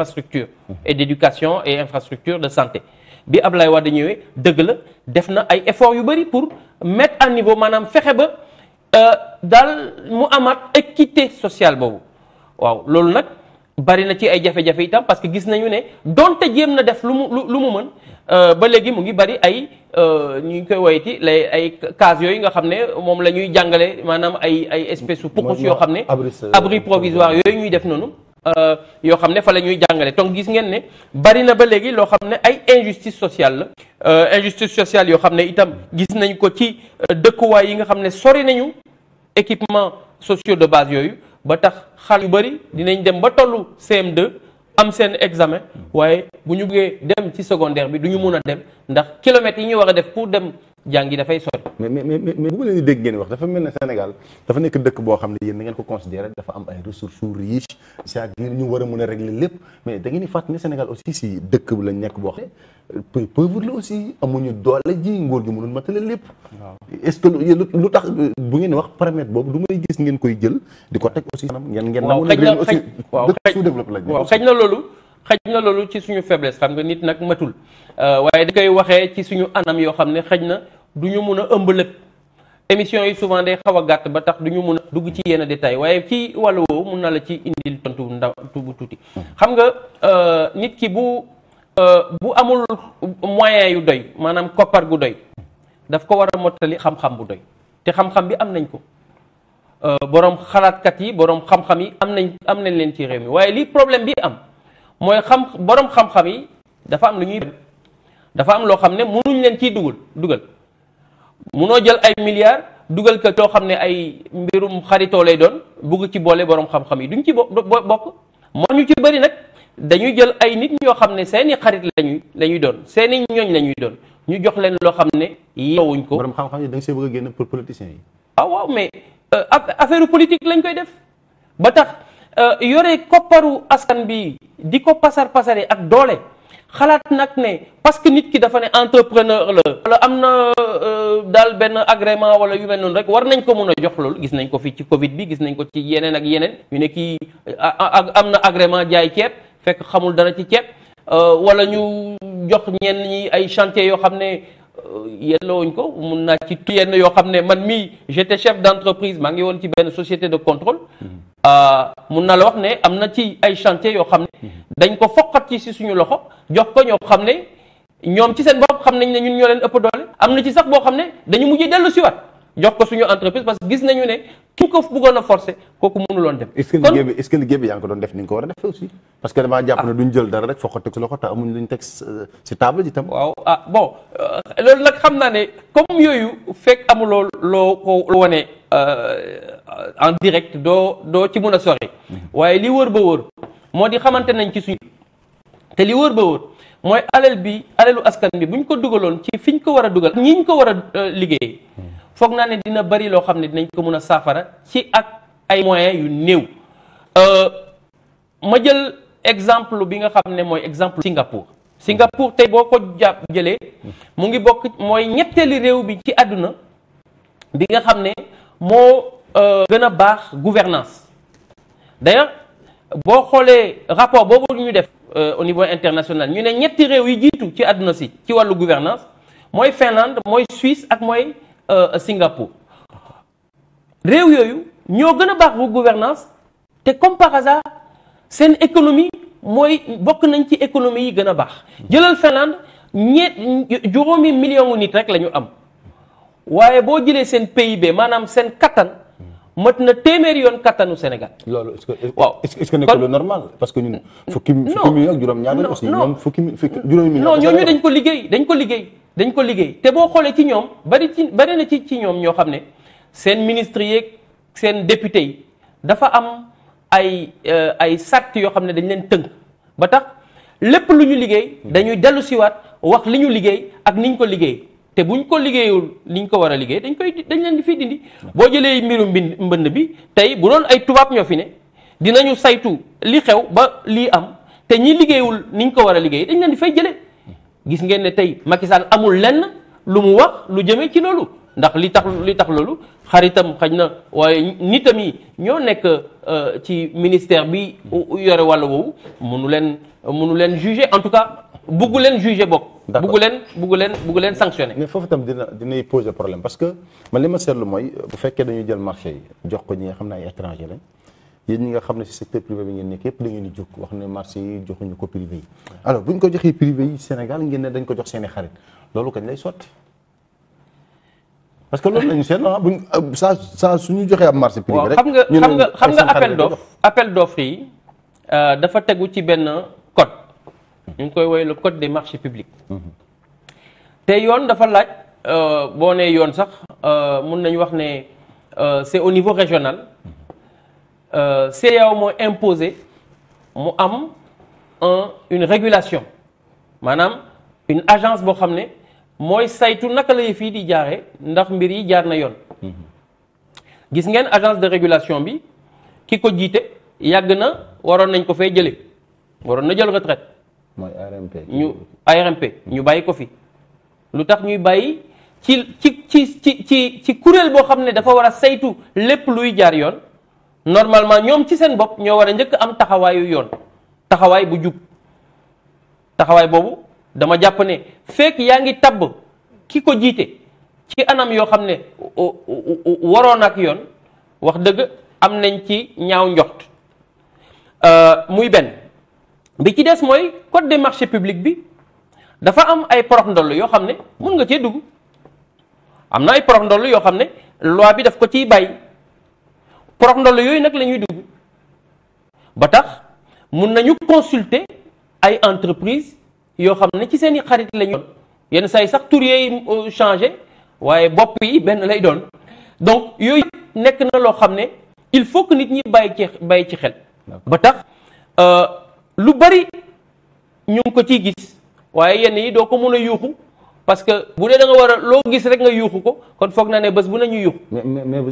d'infrastructure et d'éducation et infrastructure de santé bi ab Ablaye Wade ñëwee dëgg la def na ay efforts yu bëri pour mettre à niveau maanaam fexe ba euh, daal mu amaat équité sociale boobu waaw loolu nag bari na ci ay jafe-jafe itam parce que gis nañu ne donte jéem na def lu mu lu mu mën euh, ba léegi mu ngi bari ay euh, ñu ngi koy woyati lay ay case yooyu nga xam ne moom la ñuy jàngale maanaam ay ay espèces su pukus yoo xam ne abri provisoire yooyu ñuy def noonu Euh, yoo xam ne fa la ñuy jàngale ton gis ngeen ne bari na ba léegi loo xam ne ay injustice sociale la euh, injustice sociale yoo xam ne itam gis nañ ko ci euh, dëkkuwaay yi nga xam ne sori nañu équipement sociaux de base yooyu ba tax xal yu bëri dinañ dem ba tollu CM2 am seen examen waaye bu ñu bëggee dem ci secondaire bi du ñu mun a dem ndax kilomètres yi ñuy wax a def pour dem jàngi dafay sori. mais mais mais bu leen dégg ngeen wax dafa mel ne Sénégal dafa nekk dëkk boo xam ne yéen da ngeen ko considéré dafa am ay ressources riche c'est-à-dire ñu war a mën a régler lépp mais da ngeen di fàttali ne Sénégal aussi si dëkk bi lañ nekk boo xam ne pauvre la aussi amuñu doole ji ngóor gi mënul matale lépp. est-ce que lu tax bu ngeen wax paramètre boobu du may gis ngeen koy jël di ko teg aussi. ngeen ngeen. waaw xëj na xëj waaw xëj na loolu. xaj na loolu ci suñu faiblesse xam nga nit nag matul euh, waaye dañ koy waxee ci suñu anam yoo xam ne xaj na du ñu mun a ëmb lépp émission yi souvent day xaw a gàtt ba tax duñu mun a dugg ci yenn détail waaye fii wàllu woowu mun na la ci indil tontu ndaw bu tuuti. xam nga euh, nit ki bu euh, bu amul moyen yu doy maanaam koppar gu doy daf ko war a mottali xam-xam bu doy te xam-xam bi am nañ ko. boroom xalaatkat yi boroom xam-xam yi am nañ am nañ leen ci réew mi waaye li problème bi am. mooy xam boroom xam-xam yi dafa am lu ñuy dafa am loo xam ne munuñ leen ciy dugal dugal munoo jël ay milliards dugal ko loo xam ne ay mbirum xaritoo lay doon bugg ci boole boroom xam-xam yi duñ ci bokk moo ñu ci bari nag dañuy jël ay nit ñoo xam ne seeni xarit lañuy lañuy doon seeni ñooñ lañuy doon ñu jox leen loo xam ne yeewuñ ko. borom xam-xam yi da nga see bëgg a génn pour politiciens yi. ah waaw mais euh, affaire politique lañ koy def ba tax. Euh, yore kopparu askan bi di ko pasar pasare ak doole xalaat nag ne parce que nit ki dafa ne entrepreneur la wala am na euh, daal benn agrément wala yu mel noonu rek war nañ ko mun a jox loolu gis nañ ko fii ci Covid bi gis nañ ko ci yeneen ak yeneen ñu ne kii am na agrément jaay ceeb fekk xamul dara ci ceeb euh, wala ñu jox ñenn ñi ay chantier yoo xam ne yellowuñ ko mun naa ci tu yenn yoo xam ne man mii j'étais chef d'entreprise maa ngi woon ci benn société de contrôle mm-hmm. mun na la wax ne am na ci ay chantier yoo xam ne dañ ko foqat ci si suñu loxo jox ko ñoo xam ne ñoom ci seen bopp xam nañ ne ñun ñoo leen ëpp doole am na ci sax boo xam ne dañu mujjee dellu siwaat jox ko suñu entreprise parce que gis nañu ne ki ko bëggoon a forcer kooku mënuloon dem. est-ce que liggéey bi est-ce que liggéey yaa ngi ko def ni nga ko war a defee aussi. parce que damaa jàpp ne duñ jël dara rek foqati ko loxo te amuñ luñ teg euh, si table ji tam. waaw ah bon euh, loolu nag xam naa ne comme yooyu fekk amuloo loo ko wane. Euh, en direct doo doo ci mën a sori waaye li wër ba wër moo di xamante nañ ci suñu te li wër ba wër mooy alal bi alalu askan bi buñ ko dugaloon ci fiñ ko war a dugal ñiñ ko war a euh, liggéey foog naa ne dina bari loo xam ne dinañ ko mën a saafara ci ak ay moyen yu néew euh, ma jël exemple bi nga xam ne mooy exemple Singapour Singapour tey boo ko jàpp jëlee mu ngi bokk mooy ñetteelu réew bi ci àdduna bi nga xam ne moo euh, gën a baax gouvernance d'ailleurs boo xoolee rapport boobu ñu def euh, au niveau international ñu ne ñetti réew yi jiitu ci àdduna si ci wàllu gouvernance mooy Finlande mooy Suisse ak mooy euh, Singapour réew yooyu ñoo gën a baax bu gouvernance te comme seen économie mooy bokk nañ ci économie yi gën a baax jëlal Finlande ñeet juróomi million nit rek la ñu am waaye boo jëlee seen PIB maanaam seen kattan mat na téeméeri yoon kattanu Sénégal. loolu est-ce que waaw est-ce que normal parce que ñun. fukki fukki million ak juróom-ñaar lañ aussi ñoom fukki juróomi million. non ñooñu dañ ko liggéey dañ ko liggéey dañ ko liggéey te boo xoolee ci ñoom bari ci bari na ci ci ñoom ñoo xam ne seen ministre yeeg seen député yi dafa am ay euh, ay sart yoo xam ne dañ leen tënk ba tax lépp lu ñu liggéey hmm. dañuy dellu siwaat wax li ñu liggéey ak niñ ko liggéey te bu ñu ko liggéeyul liñ ko war a liggéey dañ koy dañ leen di fii dindi boo jëlee mbiru mbind mbënd bi tey bu doon ay tubaab ñoo fi ne dinañu saytu li xew ba lii am te ñi liggéeyul niñ ko war a liggéey dañ leen di fay jëlee gis ngeen ne tey Macky amul lenn lu mu wax lu jëmee ci loolu ndax li tax li tax loolu xaritam xaj na waaye nitam yi ñoo nekk euh, ci ministère bi yore wàll woowu mënu leen mënu leen juger en tout cas bugg leen juger bokk. bugg leen bugg leen bugg leen sanctionner. mais foofu itam dina dinay poser problème parce que man li ma seetlu mooy bu fekkee dañuy jël marché yi jox ko ñi nga xam ne ay étranger lañ yéen ñi nga xam ne si secteur privé bi ngeen nekk yëpp da ngeen di jóg wax ne marché yi joxuñu ko privé yi. alors bu ñu ko joxee privé yi Sénégal ngeen dañ ko jox seen i xarit loolu kañ lay sotti parce que loolu la ñu seetlu ah buñ ah, saa saa suñu joxee ab marché privé rek. ñu ne xam nga xam nga appel do appel d'offre euh, dafa tegu ci benn code ñu ngi koy woy le code de marché publics te yoon dafa laaj euh, boo nee yoon sax euh, mun nañu wax ne euh, c'est au niveau régional CEDEAO moo imposé mu am un une régulation maanaam une agence boo xam ne mooy saytu naka la fii di jaare ndax mbir yi jaar na yoon gis ngeen agence de régulation bi ki ko jiite yàgg na waroon nañ ko fay jële waroon na jël retraite mooy ñu ARMP ñu bàyyi ko fi lu tax ñuy bàyyi ci ci ci ci ci ci kuréel boo xam ne dafa war a saytu lépp luy jaar yoon normalement ñoom ci seen bopp ñoo war a njëkk am taxawaayu yoon taxawaay bu jub taxawaay boobu dama jàpp ne fekk yaa ngi tabb ki ko jiite ci anam yoo xam ne waroon ak yoon wax dëgg am nañ ci ñaaw njort euh, muy benn. bi ci des mooy code des marché publics bi dafa am ay porox ndoll yoo xam ne mun nga cee dugg am na ay porox ndoll yoo xam ne loi bi daf ko ciy bàyyi porox ndoll yooyu nag lañuy ñuy dugg ba tax mun nañu consulter ay entreprise yoo xam ne ci seen i xarit la ñu doon yenn saa yi sax tur yooyu euh, changé waaye bopp yi benn lay doon donc yooyu nekk na loo xam ne il faut que nit ñi bàyyi ci bàyyi ci xel ba tax. Euh, lu bari ñu ngi ko ciy gis waaye yenn yi doo ko mun a yuuxu parce que bu dee da nga war a loo gis rek nga yuuxu ko kon foog na ne bés bu ne ñu yuuxu. mais mais